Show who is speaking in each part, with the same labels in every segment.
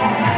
Speaker 1: Thank you.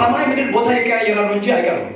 Speaker 2: ሰማይ ምድር ቦታ ይቀያየራሉ እንጂ አይቀርም።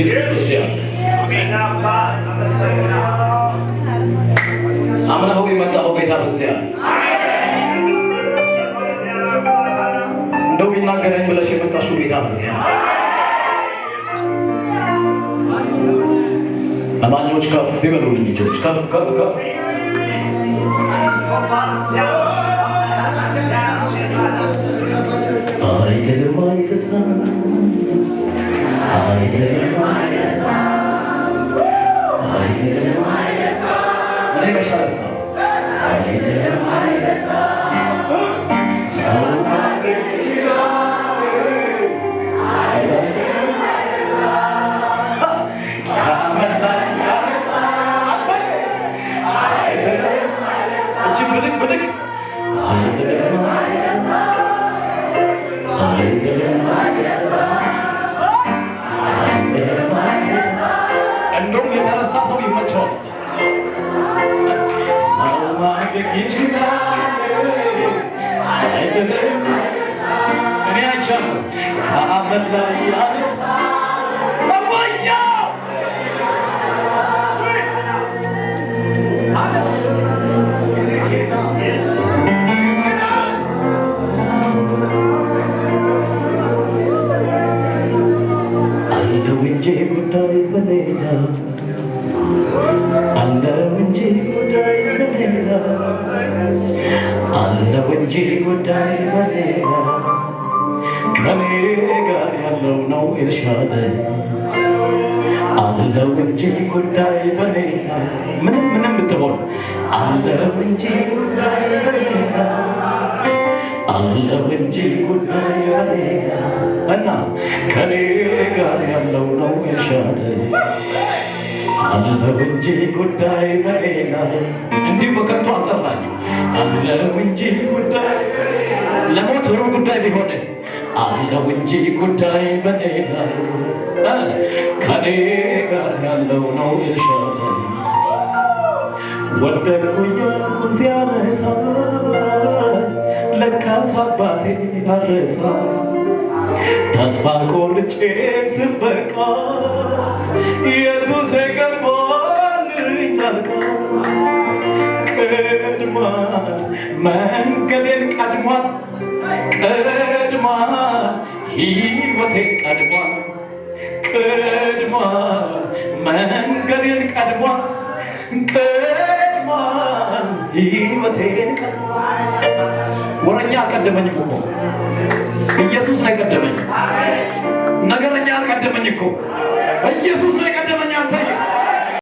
Speaker 2: ኢየሱስ ያ አምናሁ የመጣው ጌታ በዚያ እንደው ይናገረኝ ብለሽ የመጣሽው ጌታ በዚያ አማኞች ከፍ ይበሉልኝ ልጆች ከፍ ከፍ ከፍ አይገለም
Speaker 3: 别管。እኔ አይቻለሁ ከአመድ ላይ አለው
Speaker 2: እንጂ ጉዳይ በሌላ እንጂ ጉዳይ በሌላ ከኔ ጋር ያለው ነው የተሻለ አለው እንጂ ጉዳይ በሌላ ምንም ምንም ብትሆን አለው እንጂ ጉዳይ በሌላ አለው እንጂ ጉዳይ በሌላ እና ከኔ ጋር ያለው ነው የተሻለ አለሁ እንጂ ጉዳይ በሌላ እንዲሁ በከንቱ አልጠራኝም። አለሁ እንጂ ጉዳይ ለሞት ሩብ ጉዳይ ቢሆን አለሁ እንጂ ጉዳይ በሌላ ከኔ ጋር ያለው ነው የሻለ ሲያነሳ ለካስ አባቴ አረሳ ተስፋ ቆርጬ ስበቃ ኢየሱስ መንገዴን ቀድሟል ቀድማ ሕይወቴ ቀድሟል ቀድማ መንገዴን ቀድሟል ቀድማ ሕይወቴን ቀድሟል። ወረኛ አልቀደመኝ እኮ ኢየሱስ ነው የቀደመኝ። ነገረኛ አልቀደመኝ እኮ ኢየሱስ ነው